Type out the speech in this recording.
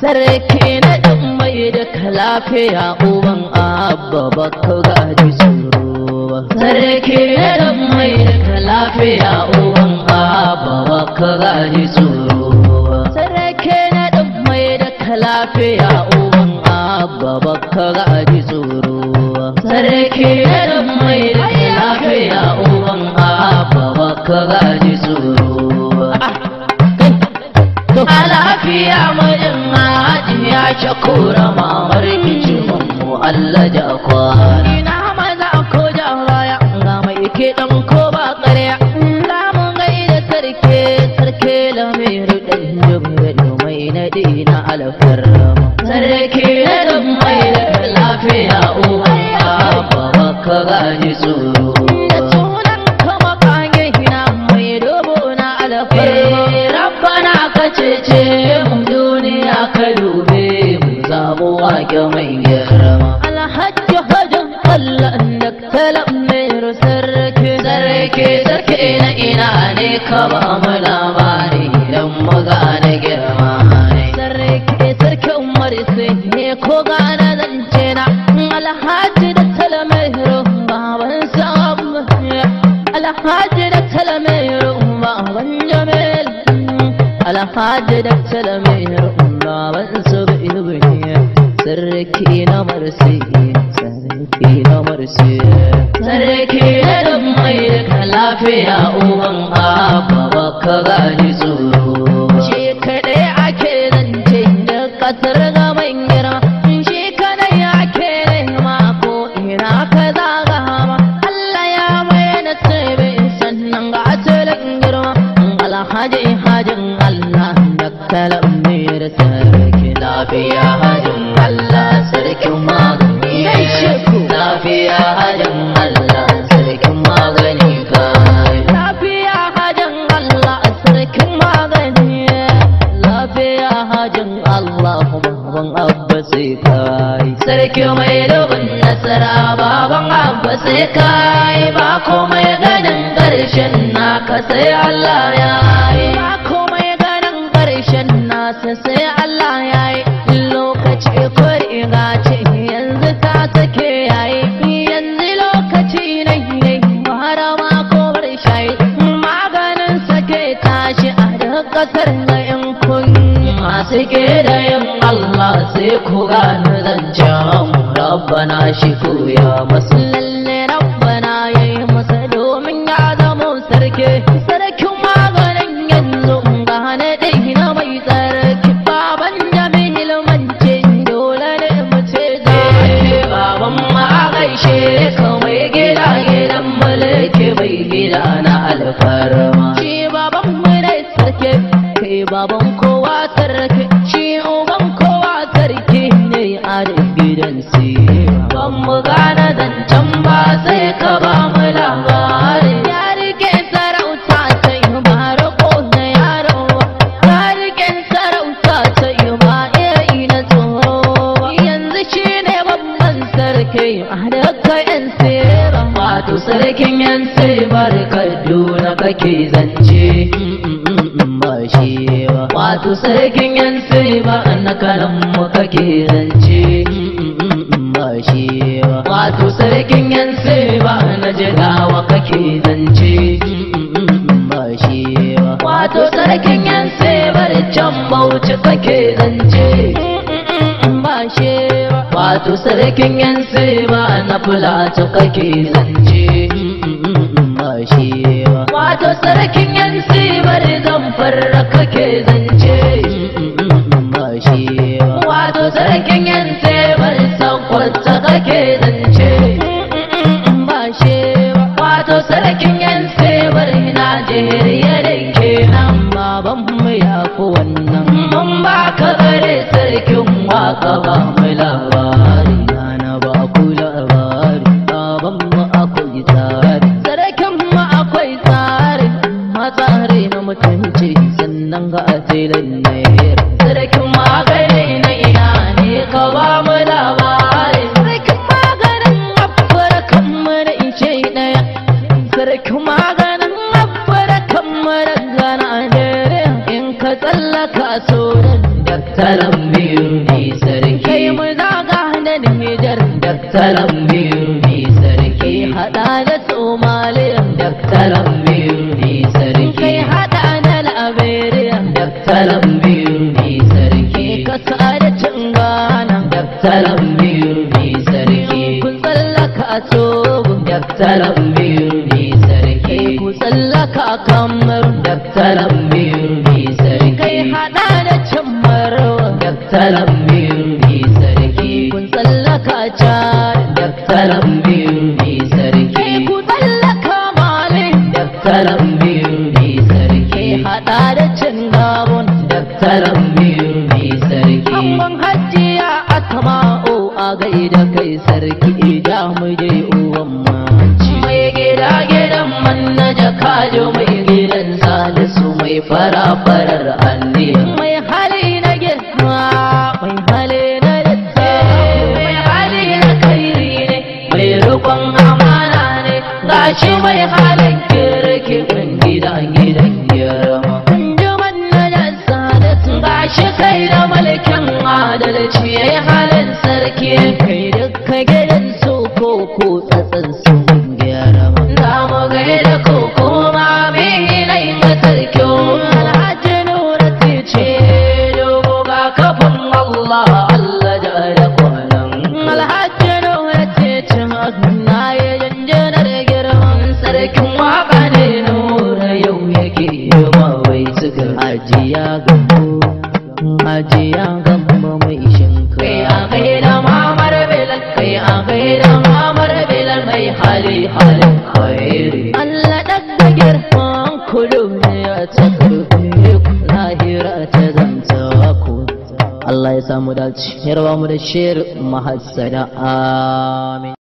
sarki na ɗan mai da kalafiya uban abba baka gaji tsoro ba sarki na ɗan mai da kalafiya uban abba baka gaji tsoro ba sarki na ɗan mai da kalafiya uban abba baka gaji tsoro ba sarki na ɗan mai da kalafiya uban abba baka gaji tsoro ba ah, Alafiya mai sake kora mamar kijimin mu Allah da ina maza ko da baya ga mai ke dan ko ba ƙarya za mu gaida sarki sarki lamiru dan jumbe mai na dina alfarma sarki da mai lafiya uwa ba ka gani tsoro Rabbana ka cece mu معاك من كرمة الحج هجم قل انك تلمير سرك سرك سرك انا انا عليك بامنا ماري لما غاني كرماني سرك سرك امر سنيك وغانا زنجنا الحج نتلمير بابا سام الحج نتلمير بابا جميل الحج نتلمير بابا سبيل sarki na marsi sarki na marsi sarki na dan mai ka lafiya uban abba baka gani tsoro shi kadai ake nan da kasar ga girma. shi kadai ake nan ma ko ina ka zaga ma Allah ya na tsebe sannan ga asalin girma alhaji hajin Allah da kalam da sarki lafiya lafiya hajjan Allah sarkin magani kai lafiya hajjan Allah sarkin magani lafiya hajjan Allah abba sai sarki mai dubin nasara baban abba sai kai ba komai ganin karshen naka sai Allah ya yi ba komai ganin karshen na sai देखो गान रज्जा मुरब्बना शिकु या मसी sai ka ba mu labari ya rike sarauta sai ba rako na yaro ya rike sarauta sai ba iri na tsoro yanzu shi ne babban sarki a daga yan sera wato sarkin yan sebar kaduna kake zance ba shi wato sarkin yan sebar na kalan mu kake zance ba shi wato sarkin yan seba na jigawa kake zance ba shi wato sarkin yan bar can bauchi kake zance ba shi wato sarkin yan seba na fulatu kake zance ba shi wato sarkin yan zan zamfar kake zance Baka daktalan biyu ni sarki hada da su malin daktalan biyu ni sarki kai hada na labariyan daktalan biyu ni sarki ka sa'ada cin gana daktalan biyu ni sarki kun tsallaka a tsogun daktalan biyu ni sarki kun tsallaka a kamar daktalan daktaran biyu mai sarki hada da cin gabon daktaran biyu mai sarki amman hajjiya asma'u a gaida kai sarki Ija mu je uwan maci mai gida gidan man na jakajo mai gidan salisu mai fara farar anniya mai hali na gizma mai hali na datta mai hali na kairi ne mai rukun amana ne gashi mai hali Taylor. മുതൽ ശിർവ മുതൽ ശിർ മഹസന ആമി